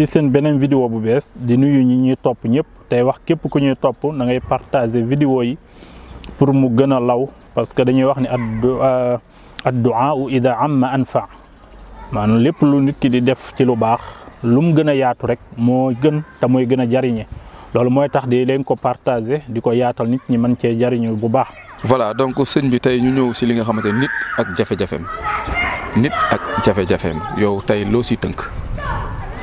ci seen beneen vidéo bu bees di nuyu ñi ñuy topp ñëpp tey wax képp ku ñuy topp na ngay partager vidéo yi pour mu gën a law parce que dañuy wax ni du euh, adduaa u ida amma anfa maanaam lépp lu nit ki di def ci lu baax lu mu gën a yaatu rek moo gën te mooy gën a jariñe loolu mooy tax di leen ko partager di ko yaatal nit ñi mën cee jariñu bu baax voilà donc sëñ bi tey ñu ñëw si li nga xamante nit nit ak jafe-jafeem yow tey loo si tënk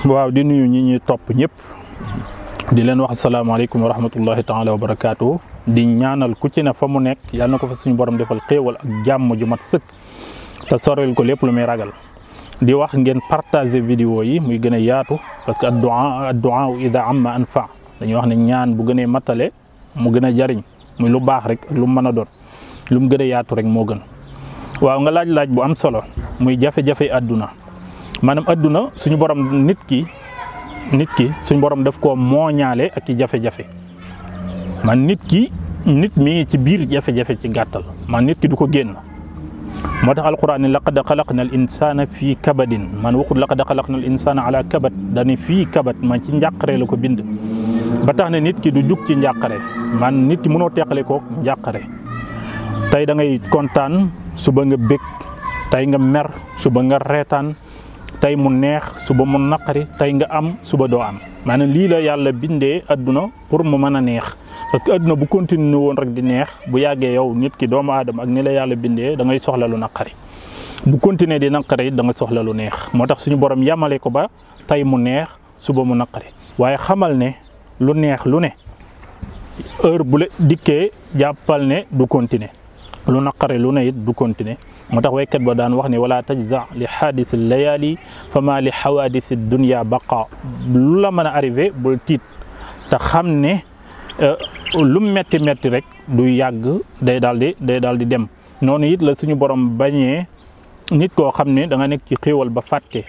waaw di nuyu ñu ñuy topp ñëpp di leen wax asalaamaaleykum wa rahmatullahi taala wa barakaatu di ñaanal ku ci ne fa mu nekk yàlla na ko fa suñu borom defal xéewal ak jàmm ju mat sëkk te soril ko lépp lu muy ragal di wax ngeen partager vidéo yi muy gën a yaatu parce que addu'a addu'a ida amma anfa dañuy wax ne ñaan bu gënee matale mu gën a jariñ muy lu baax rek lu mën a doon lu mu gën a yaatu rek moo gën waaw nga laaj-laaj bu am solo muy jafe-jafe àdduna maanaam adduna suñu borom nit ki nit ki suñu borom def koo mooñaale ak i jafe-jafe man nit ki nit mi ngi ci biir jafe-jafe ci gàttal man nit ki du ko génn moo tax alquran ni laqad xalaqna al insana fii kabadin man waxul laqad xalaqna al insana ala kabad dani fii kabad man ci njàqare la ko bind ba tax ne nit ki du jug ci njàqare man nit mënoo teqale ko njàqare tey da kontaan suba nga bég tey nga mer suba nga reetaan tey mu neex suba mu naqari tey nga am suba doo am maanaam lii la yàlla bindee adduna pour mu mën a neex parce que adduna bu continué woon rek di neex bu yàggee yow nit ki doomu aadama ak ni la yàlla bindee da soxla lu naqari bu continuer di naqari da soxla lu neex moo tax suñu borom yamale ko ba tey mu neex suba mu naqari waaye xamal ne lu neex lu ne heure bu la dikkee jàppal ne du continuer lu naqare lu ne it du continuer moo tax waykat ba daan wax ne wala tajza li xaadis layaali fa ma li xawaadisi dunia baqa lu la mën a arrivé bul tiit ta xam ne euh, lu metti metti rek du yàgg day daal di day daal di dem noonu it la suñu borom bañee nit koo xam ne danga nekk ci xéewal ba fàtte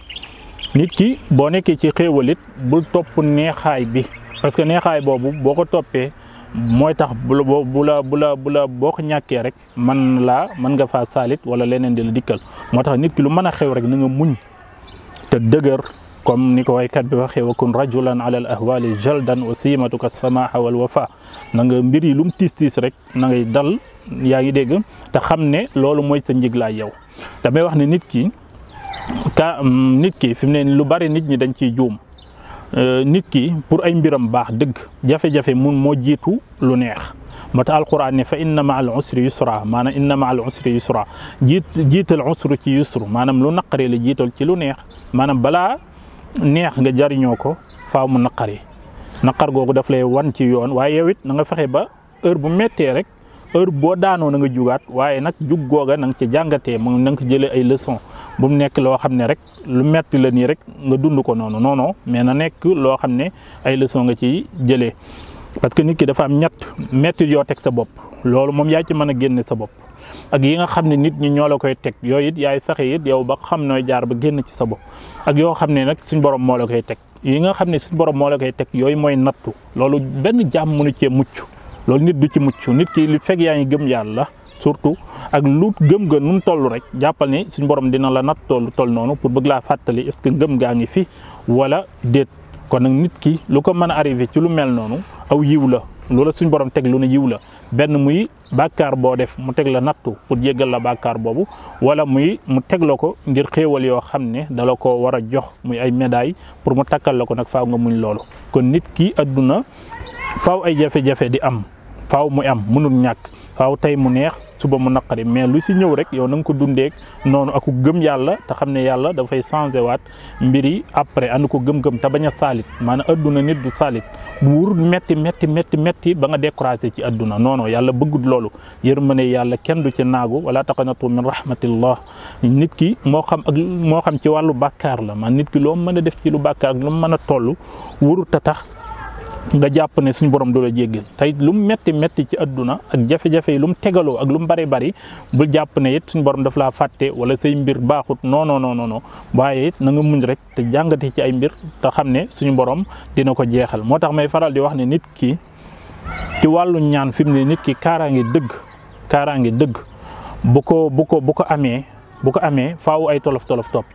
nit ki boo nekkee ci xéewal it bul topp neexaay bi parce que neexaay boobu boo ko toppee mooy tax bula la bu la bu la bu la boo ko ñàkkee rek man laa mën nga fa saalit wala leneen di la dikkal moo tax nit ki lu mën a xew rek nanga muñ te dëgër comme ni ko waykat bi waxee wa kun rajulan ala al ahwali jaldan wa siimatuka samaha wal wafa na nga mbir yi lu mu tiis tiis rek na ngay dal yaa ngi dégg te xam ne loolu mooy sa njiglaay yow damay wax ne nit ki ka nit ki fi mu ne lu bari nit ñi dañ ciy juum Euh, nit ki pour ay mbiram baax dëgg jafe-jafe mun moo jiitu lu neex moo tax alquran ne fa inna ma al usri yusra maanaam inna ma al usri yusra jiit jiital usru ci yusru maanaam lu naqari la jiital ci lu neex maanaam balaa neex nga jariñoo ko faaw mu naqari naqar googu daf lay wan ci yoon waaye yow it na nga fexe ba heure bu méttee rek. heure boo daanoo na nga jugaat waaye nag jug googa na nga ci jàngatee moom na ko jëlee ay leçon bu mu nekk loo xam ne rek lu metti la nii rek nga dund ko noonu noonu mais na nekk loo xam ne ay leçon nga ciy jëlee parce que nit ki dafa am ñett metti yoo teg sa bopp loolu moom yaa ci mën a génne sa bopp ak yi nga xam ne nit ñi ñoo la koy teg yooyu it yaay fexe it yow ba xam nooy jaar ba génn ci sa bopp ak yoo xam ne nag suñ borom moo la koy teg yi nga xam ne suñ borom moo la koy teg yooyu mooy nattu loolu benn jàmm mënu cee mucc loolu nit du ci mucc nit ki li fekk yaa ngi gëm yàlla surtout ak lu gëm ga nu mu toll rek jàppal ni suñ borom dina la nat toll toll noonu pour bëgg laa fàttali est ce que gëm gaa ngi fi wala déet kon nag nit ki lu ko mën a arrivé ci lu mel noonu aw yiw la loola suñ borom teg lu ne yiw la benn muy bàkkaar boo def mu teg la nattu pour jéggal la bàkkaar boobu wala muy mu teg la ko ngir xéewal yoo xam ne dala ko war a jox muy ay médaille pour mu takkal ko nag faaw nga muñ loolu kon nit ki àdduna faaw ay jafe di am faaw muy am mënul ñàkk faaw tey mu neex suba mu naqari mais lu si ñëw rek yow na nga ko dundeek noonu aku gëm yàlla te xam ne yàlla dafay changé waat mbir yi après ànd ko gëm-gëm te bañ a saalit maanaam adduna nit du saalit bu wur metti metti metti metti ba nga découragé ci adduna non non yàlla bëggut loolu yërmande yàlla kenn du ci naagu wala taqanatu min rahmatillah nit ki moo xam ak moo xam ci wàllu bàkkaar la man nit ki loo mën a def ci lu bàkkaar ak mën a toll nga jàpp ne suñu borom du la jéggal tey lu mu métti métti ci adduna ak jafe-jafe lu mu tegaloo ak lu mu bari bari bul jàpp ne it suñu borom daf laa fàtte wala say mbir baaxut non non non waaye nanga na nga muñ rek te jàngate ci ay mbir te xam ne suñu borom dina ko jeexal moo tax may faral di wax ne nit ki ci wàllu ñaan fi mu ne nit ki kaaraange dëgg kaaraange dëgg bu ko bu ko bu ko amee bu ko amee faaw ay tolof tolof topp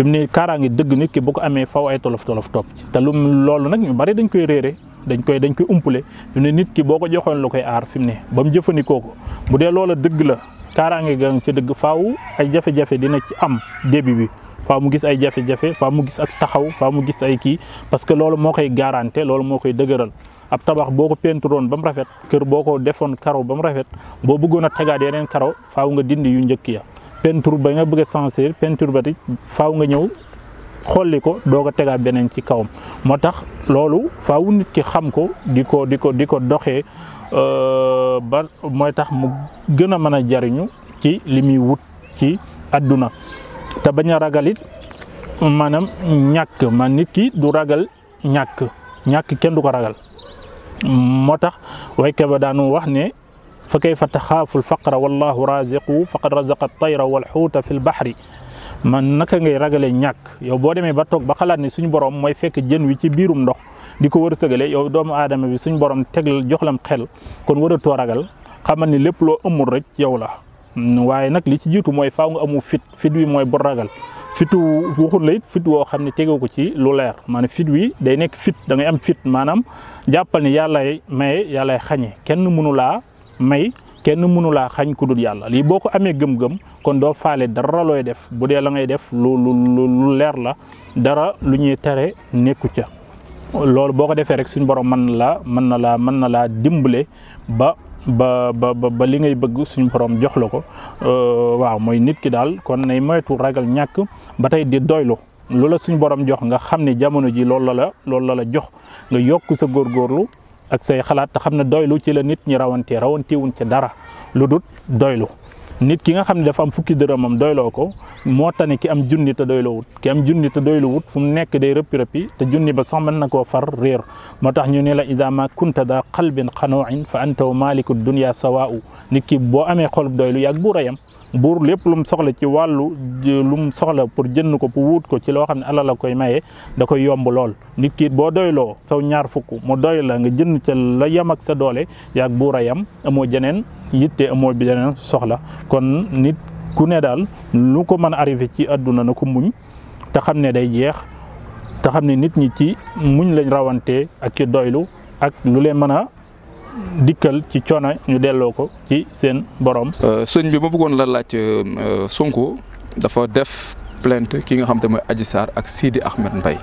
fi mu ne kaaraange dëgg nit ki bu ko amee faw ay tolof tolof topp te lu loolu nag ñu bari dañ koy réere dañ koy dañ koy umpale ne nit ki boo ko joxoon la koy aar fi mu ne ba mu jëfandikoo ko bu dee loola dëgg la kaaraange ga ci dëgg faaw ay jafe-jafe dina ci am début bi faa mu gis ay jafe-jafe faa mu gis ak taxaw faa mu gis ay kii parce que loolu moo koy garante loolu moo koy dëgëral ab tabax boo ko peenturoon ba mu rafet kër boo ko defoon karaw ba mu rafet boo bëggoon a tegaat yeneen karo faaw nga dindi yu njëkk ya peinture ba nga bëgg a sensibiliser peinture ba faaw nga ñëw xolli ko doog a tegaat beneen ci kawam moo tax loolu faaw nit ki xam ko di ko di ko di ko doxee euh, ba mooy tax mu gën a mën a jariñu ci li muy wut ci adduna te bañ a ragal it maanaam ñàkk man nit ki du ragal ñàkk ñàkk kenn du ko ragal moo tax waaye ba daanu wax ne fa kayfa taxaafu alfaqra wallahu raziqu faqad razaqa tayra walxuuta fi lbaxri man naka ngay ragale ñàkk yow boo demee ba toog ba xalaat ne suñu borom mooy fekk jën wi ci biirum ndox di ko war a sëgale yow doomu aadama bi suñu borom tegal joxlam xel kon war a too ragal xamal ni lépp loo ëmmul rek yow la waaye nag li ci jiitu mooy faaw nga amu fit fit wi mooy bu ragal fitu waxul la it fit woo xam ne tegoo ko ci lu leer maanaam fit wi day nekk fit da ngay am fit maanaam jàppal ni yàllay maye yàllay xañe kenn mënu laa may kenn mënu laa xañ ku dul yàlla lii boo ko amee gëm-gëm kon doo faale dara looy def bu dee la ngay def lu leer la dara lu ñuy tere nekku ca loolu boo ko defee rek suñ borom mën na laa mën na laa mën na laa dimbale ba ba ba li ngay bëgg suñ borom jox la ko euh, waaw mooy nit ki daal kon nay moytu ragal ñàkk ba tey di doylu lu la suñ borom jox nga xam ne jamono ji loolu la la loolu la la jox nga yokk sa góor góorlu ak say xalaat te xam ne doylu ci la nit ñi rawante rawantewuñ ca dara lu dut doylu nit ki nga xam ne dafa am fukki dërëmam doyloo ko moo tane ki am junni te doyloo wut ki am junni te doyloo wut fu mu nekk de rëppi rëppi te junni ba sax mën na koo far réer moo tax ñu ne la ida ma kunta daa qalbin xanooin fa anta wa maliku dunya sawaa'u nit ki boo amee xol doylu yàgg buur a yam buur lépp lu mu soxla ci wàllu lu soxla pour jënd ko pour wuut ko ci loo xam ne alal la koy maye da koy yomb lool nit ki boo doyloo saw ñaar fukk mu doy nga jën ca la yem ak sa doole yaag buur a amoo jeneen yitte amoo bi jeneen soxla kon nit ku ne daal lu ko mën a arrivé ci àdduna na ko muñ te xam ne day jeex te xam ne nit ñi ci muñ lañ rawantee ak ci doylu lu leen mën a dikkal ci coono ñu delloo ko ci seen borom. Euh, sëñ bi ma bëggoon la laaj euh, euh, Sonko dafa def plainte ki nga xam te mooy Adji saar ak Sidi Ahmed mbay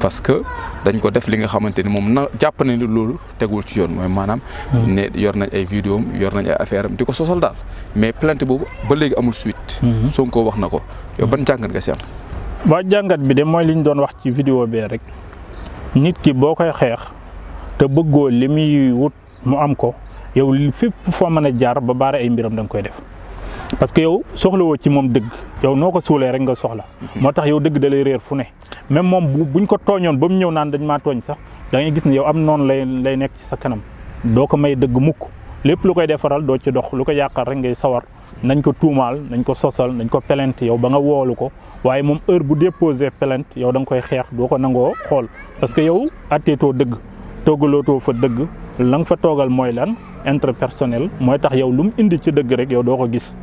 parce que dañ ko def li nga xamante ni moom na jàpp na ni loolu tegul ci yoon mooy maanaam. Hmm. ne yor nañ ay vidéo yor nañ ay affaire am di ko sosal daal mais plainte boobu ba léegi amul suite. Hmm. Sonko wax na ko yow ban jàngat nga si am. jàngat bi de mooy li doon wax ci vidéo bee rek nit ki boo koy xeex. te bëggoo li muy wut mu am ko yow fépp foo mën a jaar ba baare ay mbiram danga koy def parce que yow woo ci moom dëgg yow noo ko suulee rek nga soxla moo tax yow dëgg da lay réer fu ne même moom bu buñ ko tooñoon ba mu ñëw naan dañ maa tooñ sax da ngay gis ne yow am noonu lay lay nekk ci sa kanam doo ko may dëgg mukk lépp lu koy defaral doo ci dox lu ko yàqal rek ngay sawar nañ ko tuumaal nañ ko sosal nañ ko plainte yow ba nga woolu ko waaye moom heure bu déposé plainte yow da nga koy xeex doo ko nangoo parce que yow atteetoo dëgg toggalootoo fa dëgg la nga fa toogal mooy lan personnel mooy tax yow lu mu indi ci dëgg rek yow doo ko gis.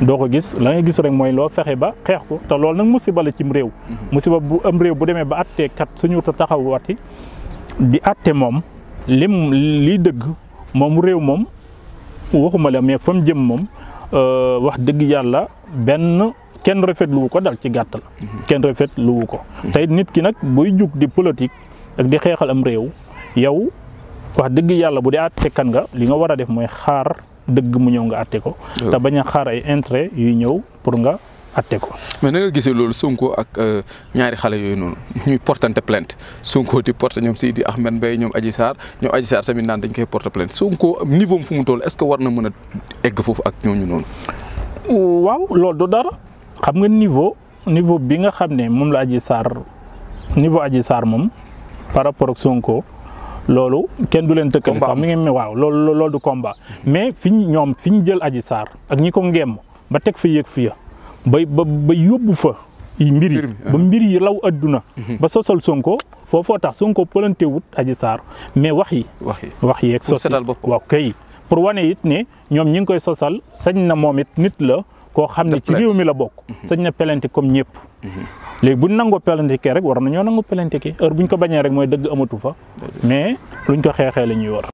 doo ko gis la nga gis rek mooy loo fexe ba xeex ko te loolu nag musiba la cim réew. Mhm. musiba bu am réew bu demee ba àttee kat taxaw taxawati di àtte moom lim liy dëgg moom réew moom waxuma la mais fa mu jëm moom euh, wax dëgg yàlla benn. kenn rafetlu wu ko dal ci gàttal. Mhm. kenn rafetlu wu ko. Mhm. tey nit ki nag buy jug di politique ak di xeexal am réew. yow wax dëgg yàlla bu dee àtteekan nga li nga war a def mooy xaar dëgg mu ñëw nga àtte ko. Oh. te bañ a xaar ay intérêt yuy ñëw pour nga àtte ko. mais na nga gisee loolu Sonko ak euh, ñaari xale yooyu noonu ñuy portante plainte Sonko di porte ñoom Seydi Ahmed Mbaye ñoom Adji Sarr ñoom Adji Sarr tamit naan dañ koy porte plainte Sonko niveau fu mu toll est-ce que war na mën a egg foofu ak ñooñu noonu. waaw loolu du dara xam nga niveau niveau bi nga xam ne moom la Adji Sarr niveau Adji Sarr moom par loolu kenn du leen tëkk tëkkale sax mi ngi waaw loolu loolu du combat mais fi ñoom fi ñu jël Adji saar ak ñi ko ngemm ba teg fa yëg fi ya ba ba yóbbu fa mbir yi ba ah. mbir yi law adduna mhm. ba sosal Sonko foofoo tax Sonko pëlante wut Adji Sarr mais wax yi wax yi ak sos waaw kay pour wane it ne ñoom ñi ngi koy sosal sañ na moom it nit la koo xam ne ci réew mi la bokk mhm. sañ na pelante comme ñëpp mhm. léegi bu ñu nangoo planifier rek war nañoo nangu planifier heure bu ñu ko bañee rek mooy dëgg amatu fa mais luñ ko xeexee la ñuy war.